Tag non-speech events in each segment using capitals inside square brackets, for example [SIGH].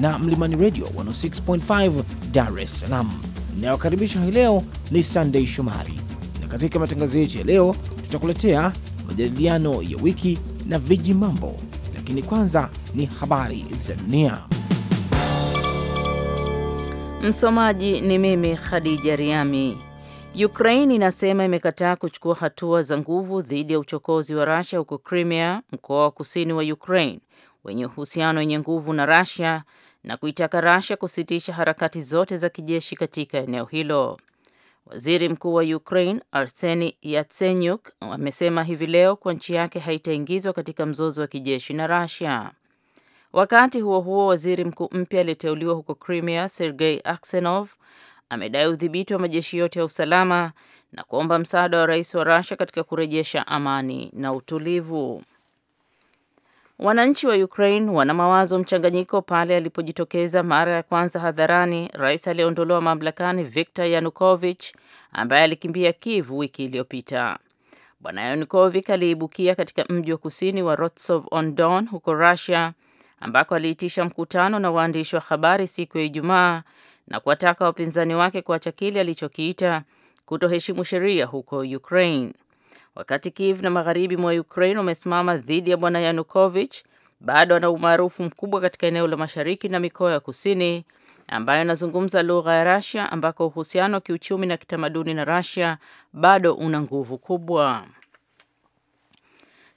na Mlimani Radio 106.5 Dar es Salaam. Inayokaribisha hii leo ni Sunday Shomari, na katika matangazo yetu ya leo tutakuletea majadiliano ya wiki na viji mambo, lakini kwanza ni habari za dunia. Msomaji ni mimi Khadija Riami. Ukraine inasema imekataa kuchukua hatua za nguvu dhidi ya uchokozi wa Russia huko Crimea, mkoa wa kusini wa Ukraine wenye uhusiano wenye nguvu na Russia na kuitaka Russia kusitisha harakati zote za kijeshi katika eneo hilo. Waziri Mkuu wa Ukraine Arseni Yatsenyuk amesema hivi leo kuwa nchi yake haitaingizwa katika mzozo wa kijeshi na Russia. Wakati huo huo, waziri mkuu mpya aliyeteuliwa huko Crimea Sergei Aksenov amedai udhibiti wa majeshi yote ya usalama na kuomba msaada wa rais wa Russia katika kurejesha amani na utulivu. Wananchi wa Ukraine wana mawazo mchanganyiko pale alipojitokeza mara ya kwanza hadharani rais aliyeondolewa mamlakani Viktor Yanukovych ambaye alikimbia Kiev wiki iliyopita. Bwana Yanukovych aliibukia katika mji wa kusini wa Rostov-on-Don huko Russia ambako aliitisha mkutano na waandishi wa habari siku ya Ijumaa na kuwataka wapinzani wake kuacha kile alichokiita kutoheshimu sheria huko Ukraine. Wakati Kiev na magharibi mwa Ukraine wamesimama dhidi ya bwana Yanukovych, bado ana umaarufu mkubwa katika eneo la mashariki na mikoa ya kusini ambayo anazungumza lugha ya Russia, ambako uhusiano wa kiuchumi na kitamaduni na Russia bado una nguvu kubwa.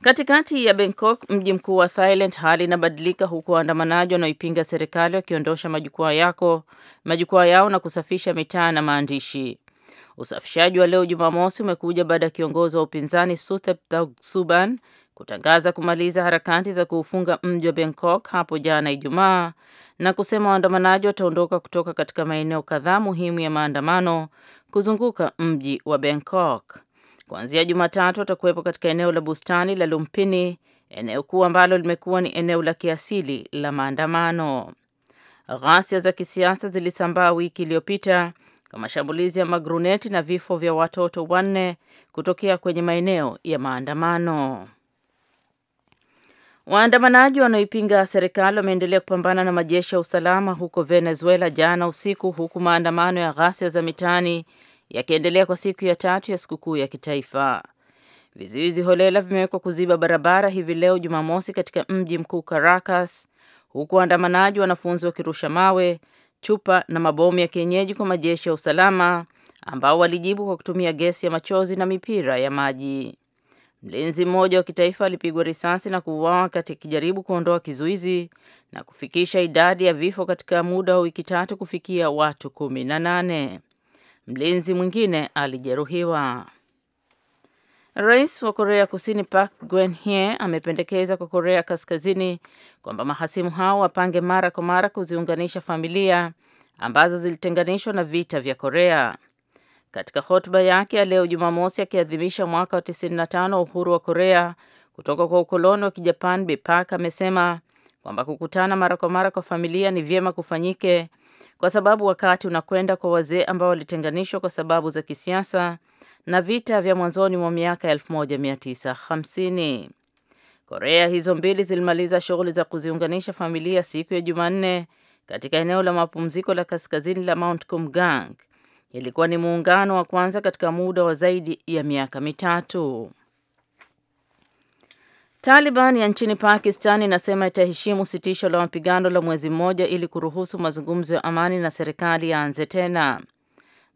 Katikati ya Bangkok, mji mkuu wa Thailand, hali inabadilika huku waandamanaji wanaoipinga serikali wakiondosha majukwaa yako majukwaa yao na kusafisha mitaa na maandishi. Usafishaji wa leo Jumamosi umekuja baada ya kiongozi wa upinzani Suthep Thaugsuban kutangaza kumaliza harakati za kuufunga mji wa Bangkok hapo jana Ijumaa na kusema waandamanaji wataondoka kutoka katika maeneo kadhaa muhimu ya maandamano kuzunguka mji wa Bangkok. Kuanzia Jumatatu watakuwepo katika eneo la bustani la Lumpini, eneo kuu ambalo limekuwa ni eneo la kiasili la maandamano. Ghasia za kisiasa zilisambaa wiki iliyopita kwa mashambulizi ya magruneti na vifo vya watoto wanne kutokea kwenye maeneo ya maandamano. Waandamanaji wanaoipinga serikali wameendelea kupambana na majeshi ya usalama huko Venezuela jana usiku, huku maandamano ya ghasia za mitaani yakiendelea kwa siku ya tatu ya sikukuu ya kitaifa. Vizuizi holela vimewekwa kuziba barabara hivi leo Jumamosi katika mji mkuu Caracas, huku waandamanaji, wanafunzi wakirusha mawe chupa na mabomu ya kienyeji kwa majeshi ya usalama ambao walijibu kwa kutumia gesi ya machozi na mipira ya maji. Mlinzi mmoja wa kitaifa alipigwa risasi na kuuawa wakati akijaribu kuondoa kizuizi na kufikisha idadi ya vifo katika muda wa wiki tatu kufikia watu kumi na nane. Mlinzi mwingine alijeruhiwa. Rais wa Korea Kusini Park Geun-hye amependekeza kwa Korea Kaskazini kwamba mahasimu hao wapange mara kwa mara kuziunganisha familia ambazo zilitenganishwa na vita vya Korea. Katika hotuba yake ya leo Jumamosi, akiadhimisha mwaka wa 95 wa uhuru wa Korea kutoka kwa ukoloni wa kijapan Bi Park amesema kwamba kukutana mara kwa mara kwa familia ni vyema kufanyike kwa sababu wakati unakwenda kwa wazee ambao walitenganishwa kwa sababu za kisiasa na vita vya mwanzoni mwa miaka 1950. Korea hizo mbili zilimaliza shughuli za kuziunganisha familia siku ya Jumanne katika eneo la mapumziko la kaskazini la Mount Kumgang. Ilikuwa ni muungano wa kwanza katika muda wa zaidi ya miaka mitatu. Taliban ya nchini Pakistan inasema itaheshimu sitisho la mapigano la mwezi mmoja ili kuruhusu mazungumzo ya amani na serikali yaanze tena.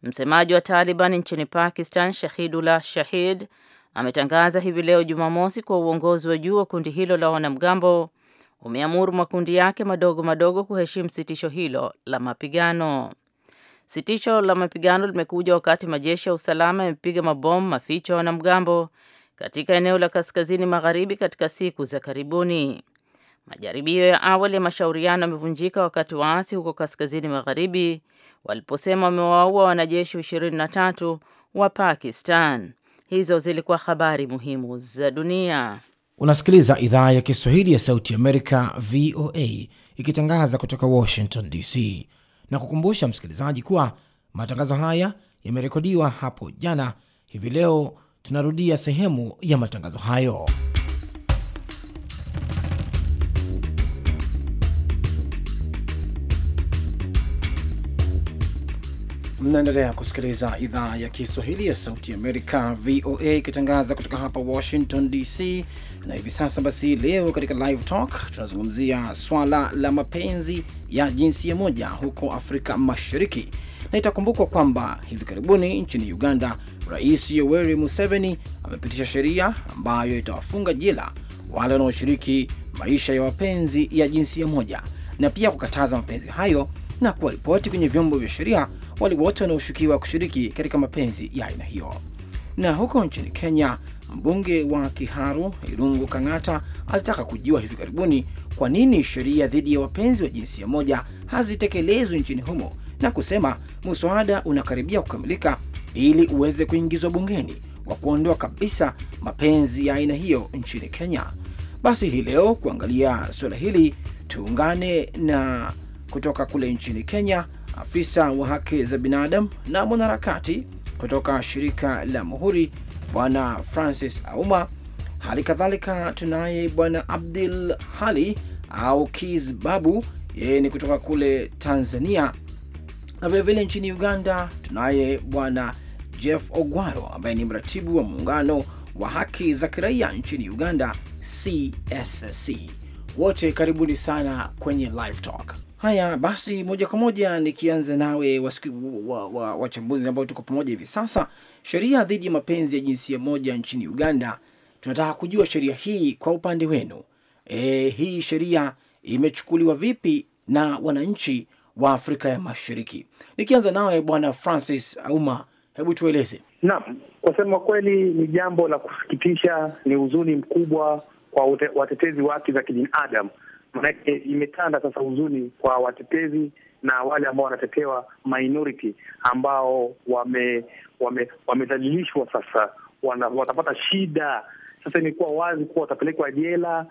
Msemaji wa Taliban nchini Pakistan, Shahidullah Shahid, ametangaza hivi leo Jumamosi kwa uongozi wa juu wa kundi hilo la wanamgambo umeamuru makundi yake madogo madogo kuheshimu sitisho hilo la mapigano. Sitisho la mapigano limekuja wakati majeshi ya usalama yamepiga mabomu maficho ya wanamgambo katika eneo la kaskazini magharibi katika siku za karibuni. Majaribio ya awali ya mashauriano yamevunjika wakati waasi huko kaskazini magharibi waliposema wamewaua wanajeshi 23 wa Pakistan. Hizo zilikuwa habari muhimu za dunia. Unasikiliza idhaa ya Kiswahili ya Sauti Amerika, VOA, ikitangaza kutoka Washington DC, na kukumbusha msikilizaji kuwa matangazo haya yamerekodiwa hapo jana. Hivi leo Tunarudia sehemu ya matangazo hayo. Mnaendelea kusikiliza idhaa ya Kiswahili ya Sauti Amerika, VOA, ikitangaza kutoka hapa Washington DC. Na hivi sasa basi, leo katika Live Talk tunazungumzia swala la mapenzi ya jinsia moja huko Afrika Mashariki, na itakumbukwa kwamba hivi karibuni nchini Uganda Rais Yoweri Museveni amepitisha sheria ambayo itawafunga jela wale wanaoshiriki maisha ya wapenzi ya jinsia moja na pia kukataza mapenzi hayo na kuwaripoti kwenye vyombo vya sheria wale wote wanaoshukiwa kushiriki katika mapenzi ya aina hiyo. Na huko nchini Kenya, mbunge wa Kiharu Irungu Kang'ata alitaka kujua hivi karibuni kwa nini sheria dhidi ya wapenzi wa jinsia moja hazitekelezwi nchini humo, na kusema muswada unakaribia kukamilika ili uweze kuingizwa bungeni wa kuondoa kabisa mapenzi ya aina hiyo nchini Kenya. Basi hii leo kuangalia suala hili tuungane na kutoka kule nchini Kenya, afisa wa haki za binadamu na mwanaharakati kutoka shirika la Muhuri, Bwana Francis Auma. Hali kadhalika tunaye Bwana Abdul Hali au Kis Babu, yeye ni kutoka kule Tanzania, na vilevile nchini Uganda tunaye Bwana Jeff Ogwaro ambaye ni mratibu wa muungano wa haki za kiraia nchini Uganda, CSC. Wote karibuni sana kwenye Live Talk. Haya basi, moja kwa moja nikianza nawe wachambuzi wa, wa, ambao tuko pamoja hivi sasa. Sheria dhidi ya mapenzi ya jinsia moja nchini Uganda, tunataka kujua sheria hii kwa upande wenu. E, hii sheria imechukuliwa vipi na wananchi wa Afrika ya Mashariki? Nikianza nawe Bwana Francis Auma Hebu tueleze. Naam, kwasema kweli ni jambo la kusikitisha, ni huzuni mkubwa kwa ute, watetezi wa haki za kibinadamu, manake imetanda sasa huzuni kwa watetezi na wale ambao wanatetewa minority ambao wamedhalilishwa, wame, wame sasa wana, watapata shida sasa. Imekuwa wazi kuwa watapelekwa jela,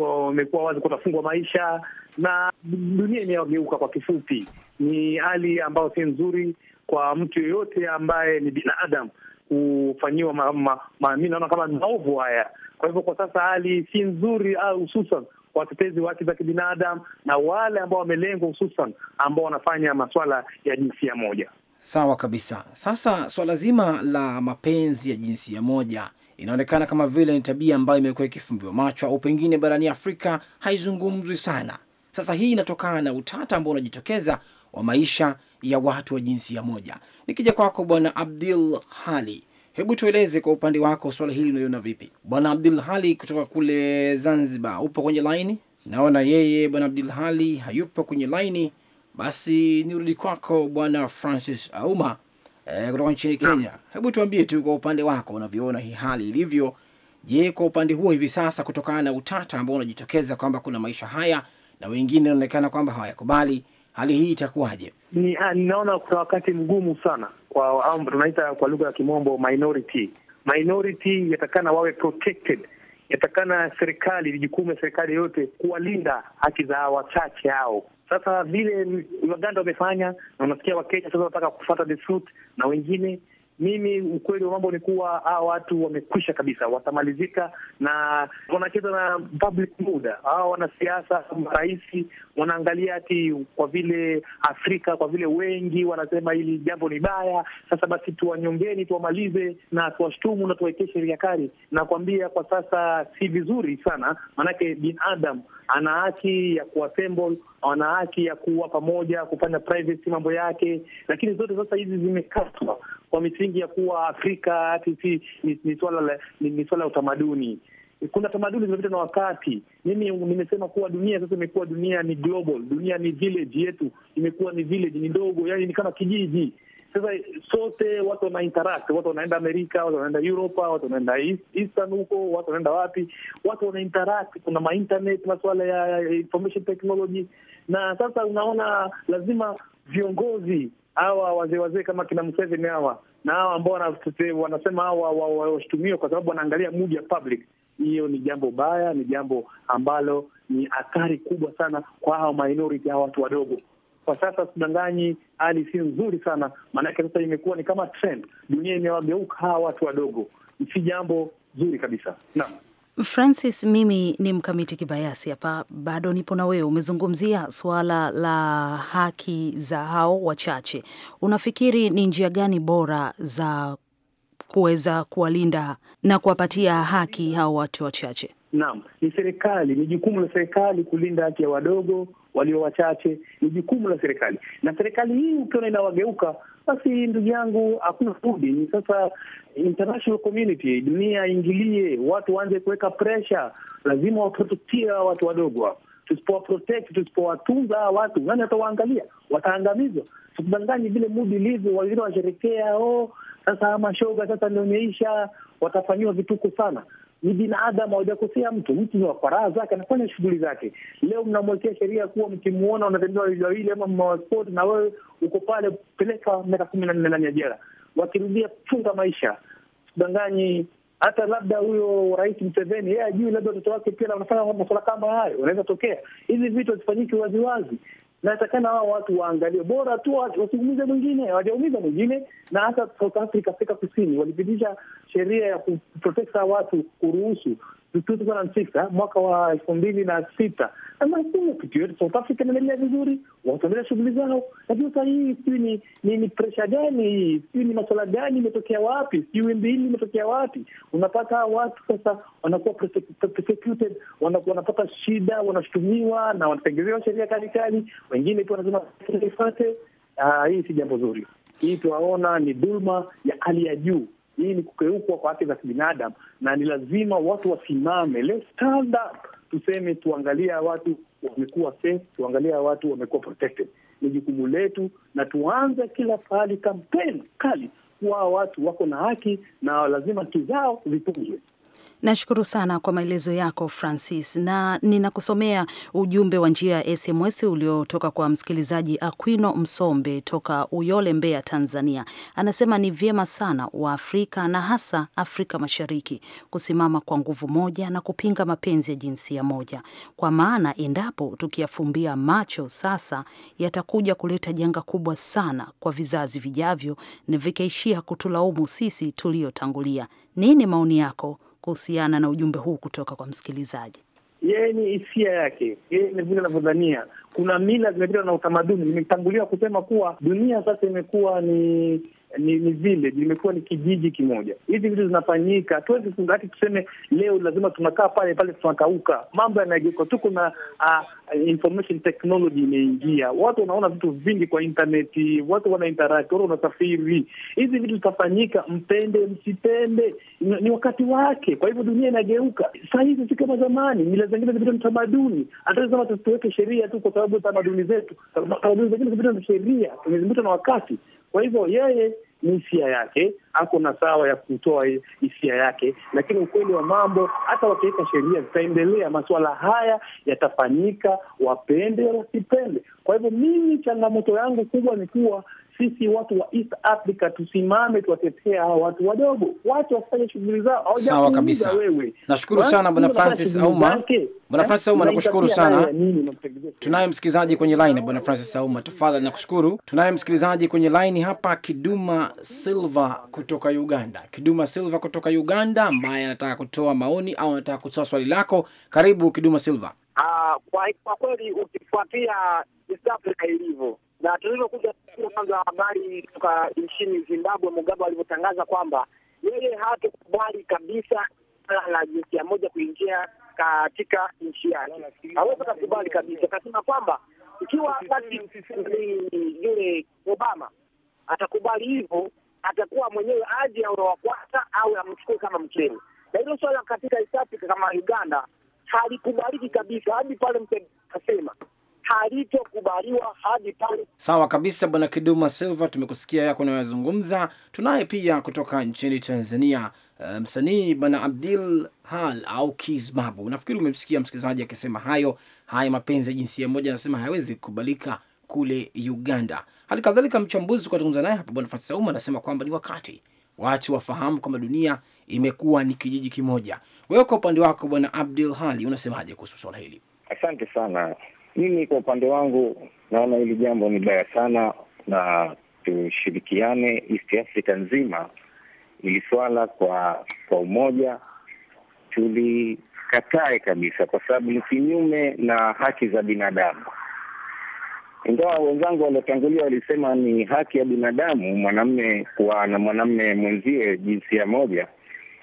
wamekuwa wazi kuwa watafungwa maisha, na dunia imegeuka. Kwa kifupi, ni hali ambayo si nzuri kwa mtu yeyote ambaye ni binadamu kufanyiwa ma, ma, naona kama ni maovu haya. Kwa hivyo kwa sasa hali si nzuri, ah, hususan watetezi wa haki za kibinadamu na wale ambao wamelengwa, hususan ambao wanafanya maswala ya jinsia moja. Sawa kabisa. Sasa swala zima la mapenzi ya jinsia moja inaonekana kama vile ni tabia ambayo imekuwa ikifumbiwa macho au pengine barani Afrika haizungumzwi sana. Sasa hii inatokana na utata ambao unajitokeza wa maisha ya watu wa jinsia moja. Nikija kwako Bwana Abdul Hali, hebu tueleze kwa upande wako swala hili unaliona vipi? Bwana Abdul Hali kutoka kule Zanzibar, upo kwenye laini? Naona yeye Bwana Abdul Hali hayupo kwenye laini. Basi nirudi kwako Bwana Francis Auma e, kutoka nchini Kenya. Hebu tuambie tu kwa upande wako unavyoona hii hali ilivyo. Je, kwa upande huo hivi sasa, kutokana na utata ambao unajitokeza kwamba kuna maisha haya na wengine wanaonekana kwamba hawayakubali hali hii itakuwaje? Ni ah, ninaona kuna wakati mgumu sana kwa au tunaita kwa lugha ya kimombo minority. Minority yatakana wawe protected, yatakana serikali, ijukume ya serikali yote kuwalinda haki za wachache hao. Sasa vile Waganda wamefanya na unasikia Wakenya sasa wanataka kufuata the suit na wengine mimi ukweli wa mambo ni kuwa hawa watu wamekwisha kabisa, watamalizika na wanacheza na public muda. Hawa wanasiasa, marais wanaangalia ati kwa vile Afrika, kwa vile wengi wanasema hili jambo ni baya, sasa basi tuwanyongeni, tuwamalize na tuwashtumu na tuwaekee sheria kali. Nakwambia kwa sasa si vizuri sana, maanake binadamu ana haki ya kuassemble, ana haki ya kuwa pamoja, kufanya privacy mambo yake, lakini zote sasa hizi zimekatwa kwa misingi ya kuwa Afrika ati si ni swala ni swala ya utamaduni. Kuna tamaduni zimepita na wakati. Mimi nimesema kuwa dunia sasa imekuwa dunia ni global, dunia ni village yetu imekuwa ni village, ni ndogo, yani ni kama kijiji. Sasa sote watu wana interact, watu wanaenda Amerika, watu wanaenda Europa, watu wanaenda Eastern huko, watu wanaenda wapi, watu wana interact. Kuna ma masuala ya information technology, na sasa unaona lazima viongozi hawa wazee wazee kama kina Museveni hawa na hawa ambao wanasema hawa washtumiwe kwa sababu wanaangalia mood ya public. Hiyo ni jambo baya, ni jambo ambalo ni athari kubwa sana kwa hawa minority, hawa watu wadogo. Kwa sasa tudanganyi, hali si nzuri sana maanake, sasa imekuwa ni kama trend, dunia imewageuka hawa watu wadogo, si jambo zuri kabisa. Naam. Francis, mimi ni mkamiti kibayasi hapa, bado nipo na wewe. Umezungumzia suala la haki za hao wachache, unafikiri ni njia gani bora za kuweza kuwalinda na kuwapatia haki hao watu wachache? Naam, ni serikali, ni jukumu la serikali kulinda haki ya wadogo walio wachache, ni jukumu la serikali. Na serikali hii ukiona inawageuka basi ndugu yangu, hakuna budi ni sasa international community, dunia ingilie, watu waanze kuweka presha, lazima waprotektia watu wadogo. Tusipowaprotect, tusipowatunza watu, nani watawaangalia? Wataangamizwa. Sikudanganyi vile mudi ilivyo, wengine washerekea oh, sasa mashoga sasa ndio imeisha, watafanyiwa vituko sana ni binadamu, hawajakosea mtu. Mtu ni wa faraha zake, anafanya shughuli zake. Leo mnamwekea sheria kuwa mkimwona unatembea wawili wawili ama mmawaspoti na wewe uko pale, peleka miaka kumi na nne ndani ya jela, wakirudia funga maisha. Sidanganyi hata labda huyo Rais Mseveni yeye ajui, labda watoto wake pia wanafanya masuala kama hayo, unaweza tokea. Hizi vitu hazifanyiki waziwazi natakana hao watu waangalie, bora tu wasiumize mwingine, wajaumiza mwingine. Na hata South Africa, Afrika Kusini walipitisha sheria ya kuprotekta watu kuruhusu tulikuwa na sita mwaka wa elfu mbili na sita kitu yote South Africa inaendelea vizuri, wataendelea shughuli zao. Lakini saa hii sijui ni, ni, ni presha gani hii, sijui ni maswala gani, imetokea wapi? Sijui wimbi hili imetokea wapi? Unapata watu sasa wanakuwa persecuted, wanapata shida, wanashutumiwa na wanatengezewa sheria kali kali, wengine pia wanasema ifate. Ah, hii si jambo zuri, hii tuwaona ni dhulma ya hali ya juu. Hii ni kukeukwa kwa haki za kibinadamu, na ni lazima watu wasimame. Let's stand up, tuseme, tuangalia watu wamekuwa safe, tuangalia watu wamekuwa protected. Ni jukumu letu, na tuanze kila pahali kampeni kali kuwa watu wako na haki na lazima haki zao zitunzwe. Nashukuru sana kwa maelezo yako Francis, na ninakusomea ujumbe wa njia ya SMS uliotoka kwa msikilizaji Aquino Msombe toka Uyole, Mbeya, Tanzania. Anasema ni vyema sana Waafrika na hasa Afrika Mashariki kusimama kwa nguvu moja na kupinga mapenzi ya jinsia moja, kwa maana endapo tukiyafumbia macho sasa yatakuja kuleta janga kubwa sana kwa vizazi vijavyo na vikaishia kutulaumu sisi tuliyotangulia. Nini maoni yako? kuhusiana na ujumbe huu kutoka kwa msikilizaji? Yeye ni hisia yake, yeye ni vile anavyodhania. Kuna mila zimepita na utamaduni. Nimetangulia kusema kuwa dunia sasa imekuwa ni ni, ni vile nimekuwa ni kijiji kimoja. Hizi vitu zinafanyika, tuwezi ati tuseme leo lazima tunakaa pale pale tunakauka. Mambo yanageuka tu, kuna uh, information technology imeingia, watu wanaona vitu vingi kwa intaneti, watu wana interact, watu wanasafiri. Hizi vitu zitafanyika, mpende msipende, ni, wakati wake. Kwa hivyo dunia inageuka saa hizi, si kama zamani. Mila zingine zipita ni tamaduni, hata tuweke sheria tu, kwa sababu tamaduni zetu, tamaduni zingine zipita ni sheria, tumezimbuta na wakati. Kwa hivyo yeye yeah, yeah ni hisia yake, ako na sawa ya kutoa hisia yake, lakini ukweli wa mambo, hata wakiweka sheria zitaendelea, masuala haya yatafanyika, wapende wasipende. Kwa hivyo mimi changamoto yangu kubwa ni kuwa sisi watu wa East Africa tusimame, tuwatetea hawa watu wadogo, watu wafanye shughuli zao. Sawa kabisa, wewe. Nashukuru sana bwana Francis Auma, bwana Francis Auma, nakushukuru sana. Tunaye msikilizaji kwenye line, bwana Francis Auma, tafadhali, nakushukuru. Tunaye msikilizaji kwenye line hapa, Kiduma Silva kutoka Uganda, Kiduma Silva kutoka Uganda, ambaye anataka kutoa maoni au anataka kutoa swali lako. Karibu Kiduma Silva. Uh, kwa, kwa kweli ukifuatia East Africa ilivyo na tulivyokuja mwanzo wa habari kutoka nchini Zimbabwe, Mugabe alivyotangaza kwamba yeye hatokubali kabisa la jinsia moja kuingia katika nchi yake, hawezi kukubali kabisa. Akasema kwamba ikiwa basi yule Obama atakubali hivyo, atakuwa mwenyewe aje awe wa kwanza au amchukue kama mkewe. Na hilo swala katika East Africa kama Uganda halikubaliki kabisa, hadi pale mtu akasema halitokubaliwa hadi pale. Sawa kabisa, Bwana Kiduma Silva, tumekusikia yako unayozungumza. Tunaye pia kutoka nchini Tanzania msanii eh, msanii Bwana Abdil Hal au Kizbabu. Nafikiri umemsikia msikilizaji akisema hayo. Haya mapenzi ya jinsia moja anasema hayawezi kukubalika kule Uganda. Hali kadhalika mchambuzi ukazungumza naye hapa Bwana Fatsauma anasema kwamba ni wakati watu wafahamu kwamba dunia imekuwa ni kijiji kimoja. Wewe kwa upande wako Bwana Abdul Hali unasemaje kuhusu swala hili? Asante sana. Mimi kwa upande wangu naona hili jambo ni baya sana, na tushirikiane East Africa nzima ili swala kwa kwa umoja tulikatae kabisa, kwa sababu ni kinyume na haki za binadamu. Ingawa wenzangu waliotangulia walisema ni haki ya binadamu mwanamme kuwa na mwanamme mwenzie jinsia moja,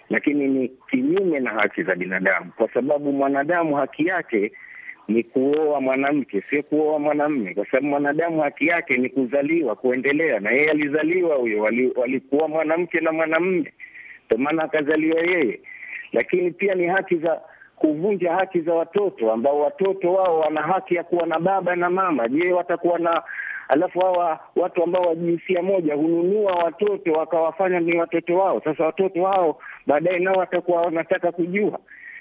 lakini ni kinyume na haki za binadamu, kwa sababu mwanadamu haki yake ni kuoa mwanamke, sio kuoa mwanamme, kwa sababu mwanadamu haki yake ni kuzaliwa, kuendelea. Na yeye alizaliwa huyo, walikuwa mwanamke na mwanamme, ndo maana akazaliwa yeye. Lakini pia ni haki za kuvunja haki za watoto ambao watoto wao wana haki ya kuwa na baba na mama. Je, watakuwa na alafu hawa watu ambao wa jinsia moja hununua watoto wakawafanya ni watoto wao. Sasa watoto wao baadaye nao watakuwa wanataka kujua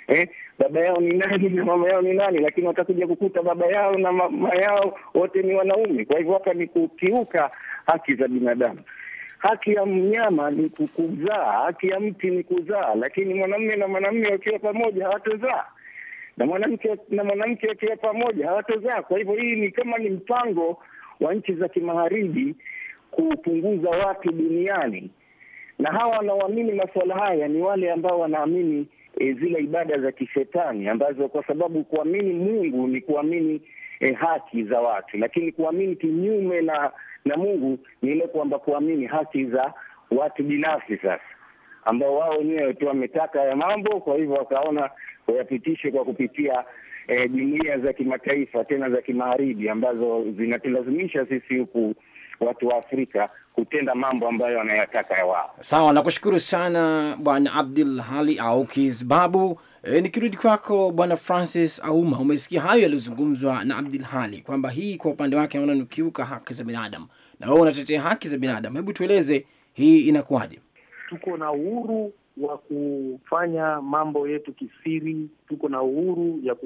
eh, baba yao ni nani na [LAUGHS] mama yao ni nani, lakini watakuja kukuta baba yao na mama yao wote ni wanaume. Kwa hivyo hapa ni kukiuka haki za binadamu. Haki ya mnyama ni kuzaa, haki ya mti ni kuzaa, lakini mwanamume na mwanamume wakiwa pamoja hawatozaa na mwanamke na mwanamke wakiwa pamoja hawatozaa. Kwa hivyo hii ni kama ni mpango wa nchi za kimagharibi kupunguza watu duniani, na hawa wanaoamini masuala haya ni wale ambao wanaamini e, zile ibada za kishetani ambazo, kwa sababu kuamini Mungu ni kuamini e, haki za watu, lakini kuamini kinyume na na Mungu ni ile kwamba kuamini haki za watu binafsi, sasa ambao wao wenyewe tu wametaka ya mambo, kwa hivyo wakaona wayapitishe kwa kupitia e, jumuiya e, za kimataifa tena za kimagharibi ambazo zinatulazimisha sisi huku watu wa Afrika kutenda mambo ambayo wanayataka ya wao. Sawa, nakushukuru sana Bwana Abdul Hali Aukis Babu. E, nikirudi kwako Bwana Francis Auma, umesikia hayo yaliyozungumzwa na Abdul Hali kwamba hii kwa upande wake anaona ni ukiuka haki za binadamu, na wewe unatetea haki za binadamu. Hebu tueleze hii inakuwaje? Tuko na uhuru wa kufanya mambo yetu kisiri, tuko na uhuru ya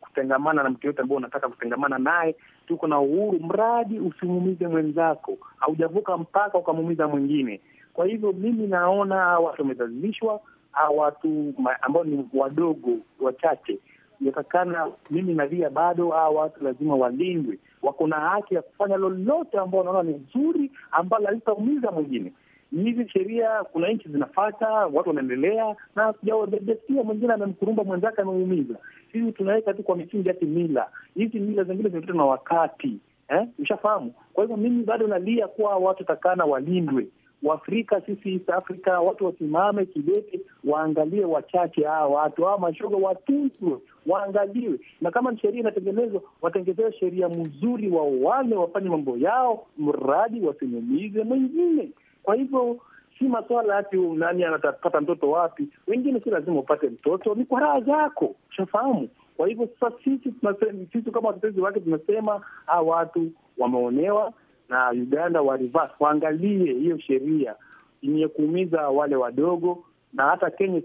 kutengamana na mtu yoyote ambao unataka kutengamana naye tuko na uhuru, mradi usimuumize mwenzako, haujavuka mpaka ukamuumiza mwingine. Kwa hivyo mimi naona hawa watu wamedhalilishwa, hawa watu ambao ni wadogo wachache Inatakana mimi navia bado, hawa watu lazima walindwe. Wako na haki ya kufanya lolote ambao wanaona ni nzuri, ambalo halitaumiza mwingine hizi sheria, kuna nchi zinafata, watu wanaendelea na jasikia mwingine amemkurumba mwenzake, ameumiza. Sisi tunaweka tu kwa misingi yake mila hizi, mila zingine zimepitwa na wakati eh? Ushafahamu. Kwa hivyo mimi bado nalia kuwa watu takana walindwe Waafrika sisi East Africa, watu wasimame kidete, waangalie wachache hawa watu hawa mashoga, watunzwe, waangaliwe, na kama sheria inatengenezwa watengezewe sheria mzuri, wale wafanye mambo yao, mradi wasinyumize mwingine. Kwa hivyo si masuala ati nani anatapata mtoto wapi. Wengine si lazima upate mtoto, ni kwa raha zako, ushafahamu. Kwa hivyo sasa sisi sisi kama watetezi wake tunasema hawa watu wameonewa na Uganda wa reverse, waangalie hiyo sheria yenye kuumiza wale wadogo, na hata Kenya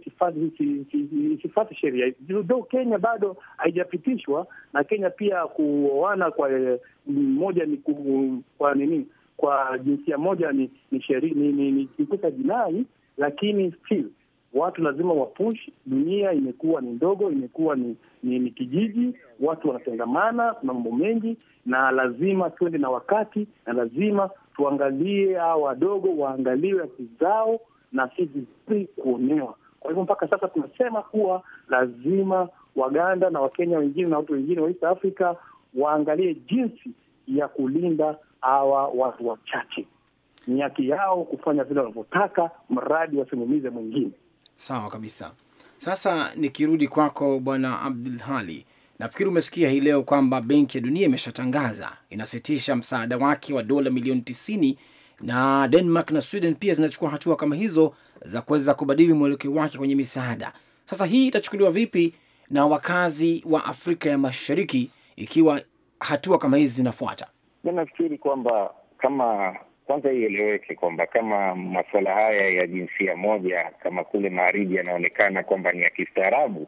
isifati sheria do. Kenya bado haijapitishwa na Kenya pia kuoana kwa mmoja eh, ni kwa nini kwa jinsia moja ni ni sheri, ni, ni, ni jinai, lakini still watu lazima wapush. Dunia imekuwa ni ndogo, imekuwa ni, ni, ni kijiji, watu wanatengamana, kuna mambo mengi, na lazima tuende na wakati, na lazima tuangalie hao wadogo waangaliwe haki zao na si vizuri kuonewa. Kwa hivyo mpaka sasa tunasema kuwa lazima Waganda na Wakenya wengine na watu wengine wa East Africa waangalie jinsi ya kulinda hawa watu wachache. Ni haki yao kufanya vile wanavyotaka, mradi wasimumize mwingine. Sawa kabisa. Sasa nikirudi kwako Bwana Abdul Hali, nafikiri umesikia hii leo kwamba Benki ya Dunia imeshatangaza inasitisha msaada wake wa dola milioni tisini na Denmark na Sweden pia zinachukua hatua kama hizo za kuweza kubadili mwelekeo wake kwenye misaada. Sasa hii itachukuliwa vipi na wakazi wa Afrika ya Mashariki ikiwa hatua kama hizi zinafuata? Mi nafikiri kwamba kama kwanza ieleweke kwamba kama masuala haya ya jinsia moja kama kule magharibi yanaonekana kwamba ni ya kistaarabu,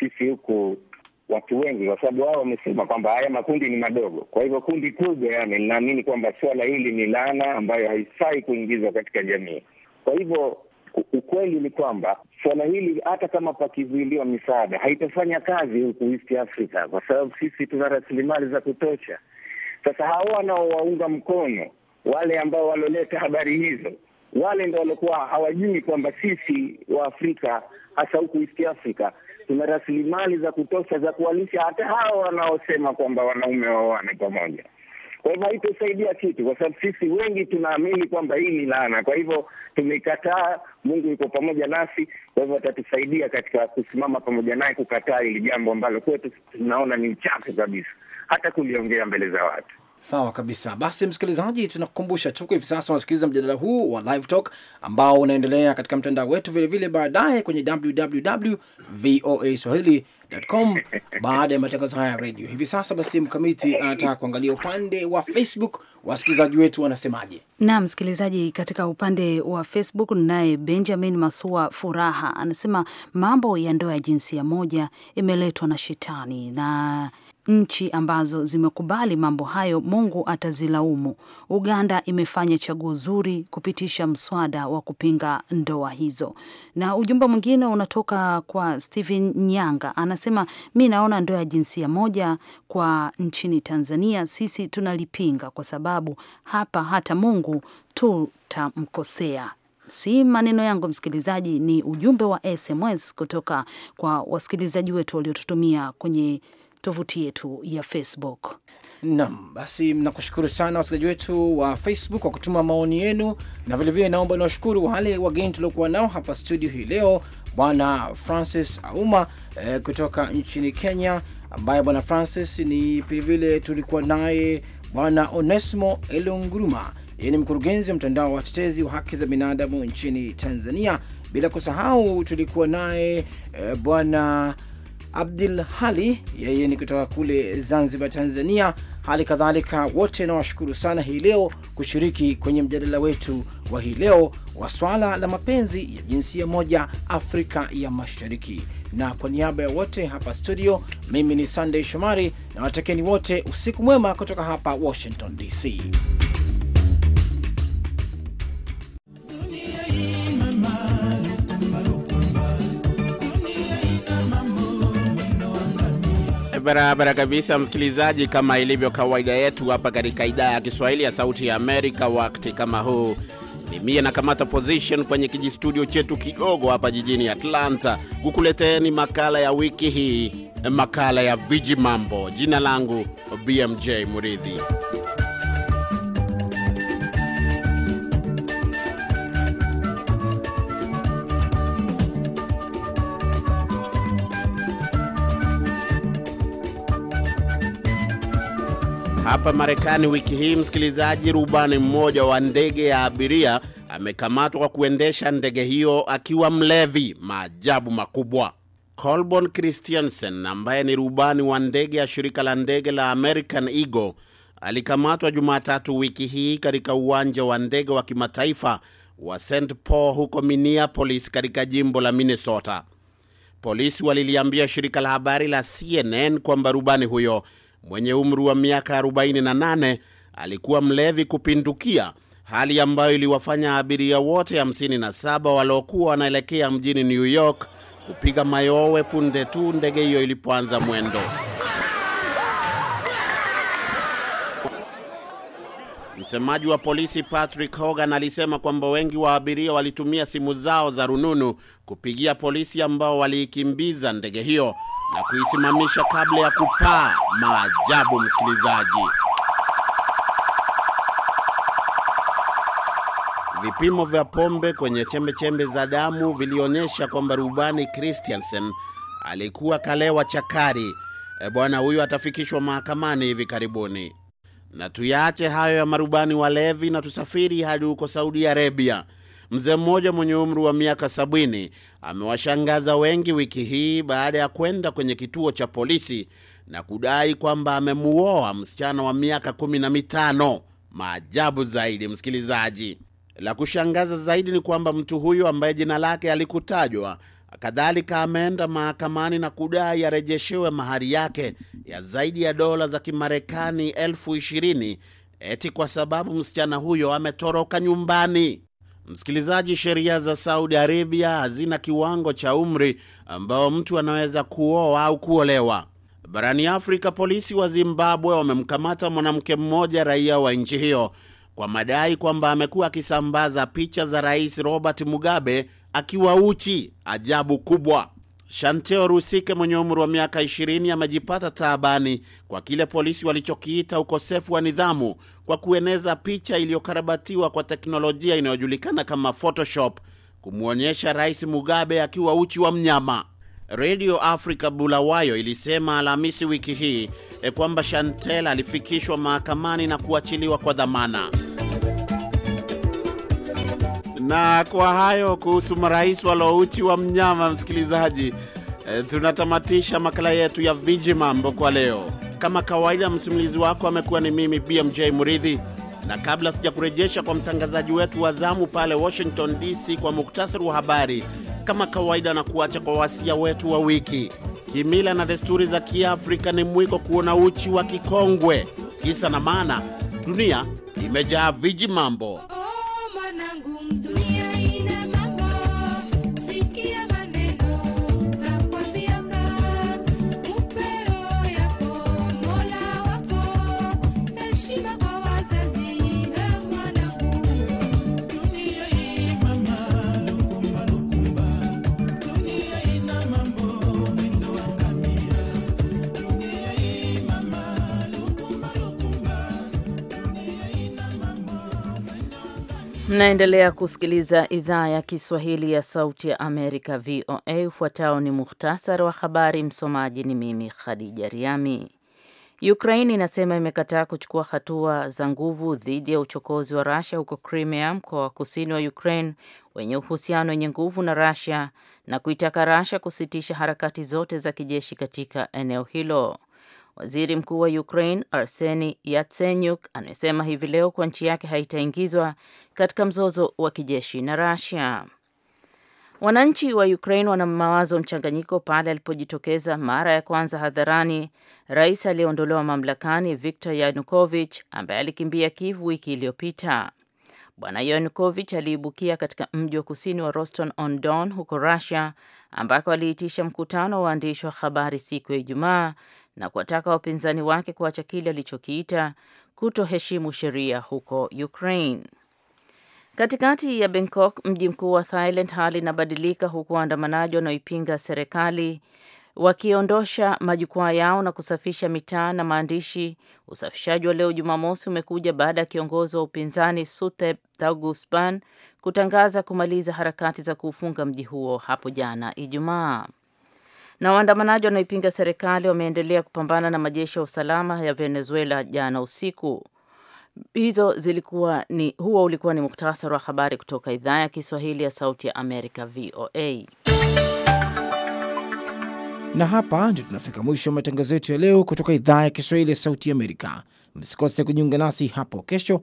sisi huku watu wengi, kwa sababu wao wamesema kwamba haya makundi ni madogo. Kwa hivyo kundi kubwa, yani linaamini kwamba suala hili ni laana ambayo haifai kuingizwa katika jamii. Kwa hivyo ukweli ni kwamba suala hili hata kama pakizuiliwa misaada haitafanya kazi huku East Africa, kwa sababu sisi tuna rasilimali za kutosha. Sasa hao wanaowaunga mkono wale ambao waloleta habari hizo, wale ndo walikuwa hawajui kwamba sisi wa Afrika hasa huku East Africa tuna rasilimali za kutosha za kuwalisha hata hao wanaosema kwamba wanaume waoane pamoja. Kwa hivyo haitusaidia kitu, kwa sababu sisi wengi tunaamini kwamba hii ni laana. Kwa hivyo tumekataa. Mungu yuko pamoja nasi, kwa hivyo atatusaidia katika kusimama pamoja naye kukataa hili jambo ambalo kwetu tunaona ni chafu kabisa, hata kuliongea mbele za watu. Sawa kabisa. Basi msikilizaji, tunakukumbusha tu kwa hivi sasa unasikiliza mjadala huu wa Live Talk ambao unaendelea katika mtandao wetu vilevile, baadaye kwenye www voa swahili com baada ya matangazo haya ya redio hivi sasa. Basi mkamiti anataka kuangalia upande wa Facebook, wasikilizaji wetu wanasemaje? Naam, msikilizaji, katika upande wa Facebook naye Benjamin Masua Furaha anasema mambo ya ndoa ya jinsia moja imeletwa na shetani na nchi ambazo zimekubali mambo hayo Mungu atazilaumu. Uganda imefanya chaguo zuri kupitisha mswada wa kupinga ndoa hizo. Na ujumbe mwingine unatoka kwa Steven Nyanga, anasema mi naona ndoa ya jinsia moja kwa nchini Tanzania sisi tunalipinga kwa sababu hapa hata Mungu tutamkosea. Si maneno yangu msikilizaji, ni ujumbe wa SMS kutoka kwa wasikilizaji wetu waliotutumia kwenye tovuti yetu ya Facebook. Naam, basi nakushukuru sana wasikilizaji wetu wa Facebook kwa kutuma maoni yenu, na vilevile naomba niwashukuru wale wageni tuliokuwa nao hapa studio hii leo, Bwana Francis Auma eh, kutoka nchini Kenya, ambaye Bwana Francis ni vilevile tulikuwa naye Bwana Onesmo Elonguruma, yeye ni mkurugenzi wa mtandao wa watetezi wa haki za binadamu nchini Tanzania. Bila kusahau tulikuwa naye eh, Bwana Abdul Hali, yeye ni kutoka kule Zanzibar, Tanzania. Hali kadhalika wote nawashukuru sana hii leo kushiriki kwenye mjadala wetu wa hii leo wa swala la mapenzi ya jinsia moja Afrika ya Mashariki. Na kwa niaba ya wote hapa studio, mimi ni Sunday Shomari na watakeni wote usiku mwema kutoka hapa Washington DC. barabara kabisa, msikilizaji, kama ilivyo kawaida yetu hapa katika idhaa ya Kiswahili ya Sauti ya Amerika, wakati kama huu ni na kamata position kwenye kijistudio chetu kidogo hapa jijini Atlanta kukuleteeni makala ya wiki hii, makala ya viji mambo. Jina langu BMJ Muridhi. Hapa Marekani wiki hii, msikilizaji, rubani mmoja wa ndege ya abiria amekamatwa kwa kuendesha ndege hiyo akiwa mlevi. Maajabu makubwa. Colbon Christiansen ambaye ni rubani wa ndege ya shirika la ndege la American Eagle alikamatwa Jumatatu wiki hii katika uwanja wa ndege wa kimataifa wa St Paul huko Minneapolis katika jimbo la Minnesota. Polisi waliliambia shirika la habari la CNN kwamba rubani huyo mwenye umri wa miaka 48 alikuwa mlevi kupindukia, hali ambayo iliwafanya abiria wote 57 waliokuwa wanaelekea mjini New York kupiga mayowe punde tu ndege hiyo ilipoanza mwendo. Msemaji wa polisi Patrick Hogan alisema kwamba wengi wa abiria walitumia simu zao za rununu kupigia polisi ambao waliikimbiza ndege hiyo na kuisimamisha kabla ya kupaa. Maajabu, msikilizaji. Vipimo vya pombe kwenye chembechembe za damu vilionyesha kwamba rubani Christiansen alikuwa kalewa chakari. E, bwana huyo atafikishwa mahakamani hivi karibuni. Na tuyache hayo ya marubani walevi na tusafiri hadi huko Saudi Arabia. Mzee mmoja mwenye umri wa miaka sabini amewashangaza wengi wiki hii baada ya kwenda kwenye kituo cha polisi na kudai kwamba amemuoa msichana wa miaka kumi na mitano. Maajabu zaidi, msikilizaji, la kushangaza zaidi ni kwamba mtu huyo ambaye jina lake alikutajwa Kadhalika ameenda mahakamani na kudai arejeshewe mahari yake ya zaidi ya dola za Kimarekani elfu ishirini eti kwa sababu msichana huyo ametoroka nyumbani. Msikilizaji, sheria za Saudi Arabia hazina kiwango cha umri ambao mtu anaweza kuoa au kuolewa. Barani Afrika, polisi wa Zimbabwe wamemkamata mwanamke mmoja raia wa nchi hiyo kwa madai kwamba amekuwa akisambaza picha za Rais Robert Mugabe akiwa uchi. Ajabu kubwa. Shanteo Rusike mwenye umri wa miaka 20 amejipata taabani kwa kile polisi walichokiita ukosefu wa nidhamu kwa kueneza picha iliyokarabatiwa kwa teknolojia inayojulikana kama Photoshop kumwonyesha Rais Mugabe akiwa uchi wa mnyama. Radio Africa Bulawayo ilisema Alhamisi wiki hii E kwamba Chantel alifikishwa mahakamani na kuachiliwa kwa dhamana. Na kwa hayo kuhusu marais wa mnyama, msikilizaji, e, tunatamatisha makala yetu ya Viji Mambo kwa leo. Kama kawaida, msimulizi wako amekuwa ni mimi BMJ Muridhi, na kabla sijakurejesha kwa mtangazaji wetu wa zamu pale Washington DC kwa muktasari wa habari, kama kawaida, na kuacha kwa wasia wetu wa wiki Kimila na desturi za Kiafrika ni mwiko kuona uchi wa kikongwe. Kisa na maana, dunia imejaa viji mambo. Mnaendelea kusikiliza idhaa ya Kiswahili ya Sauti ya Amerika, VOA. Ufuatao ni muhtasari wa habari. Msomaji ni mimi Khadija Riami. ukrain inasema imekataa kuchukua hatua za nguvu dhidi ya uchokozi wa rasia huko Crimea, mkoa wa kusini wa Ukraine wenye uhusiano wenye nguvu na rasia na kuitaka rasha kusitisha harakati zote za kijeshi katika eneo hilo. Waziri Mkuu wa Ukraine Arseni Yatsenyuk amesema hivi leo kuwa nchi yake haitaingizwa katika mzozo wa kijeshi na rasia Wananchi wa Ukraine wana mawazo mchanganyiko pale alipojitokeza mara ya kwanza hadharani rais aliyeondolewa mamlakani Viktor yanukovich ambaye alikimbia Kiev wiki iliyopita. Bwana yanukovich aliibukia katika mji wa kusini wa Roston-on-Don huko Russia ambako aliitisha mkutano wa waandishi wa habari siku ya Ijumaa na kuwataka wapinzani wake kuacha kile alichokiita kutoheshimu sheria huko Ukraine. Katikati ya Bangkok, mji mkuu wa Thailand, hali inabadilika huku waandamanaji wanaoipinga serikali wakiondosha majukwaa yao na kusafisha mitaa na maandishi. Usafishaji wa leo Jumamosi umekuja baada ya kiongozi wa upinzani Suthep Thaugsuban kutangaza kumaliza harakati za kuufunga mji huo hapo jana Ijumaa. Na waandamanaji wanaoipinga serikali wameendelea kupambana na majeshi ya usalama ya Venezuela jana usiku. Hizo zilikuwa ni, huo ulikuwa ni muhtasari wa habari kutoka idhaa ya Kiswahili ya Sauti ya Amerika, VOA. Na hapa ndio tunafika mwisho wa matangazo yetu ya leo kutoka idhaa ya Kiswahili ya Sauti Amerika. Msikose kujiunga nasi hapo kesho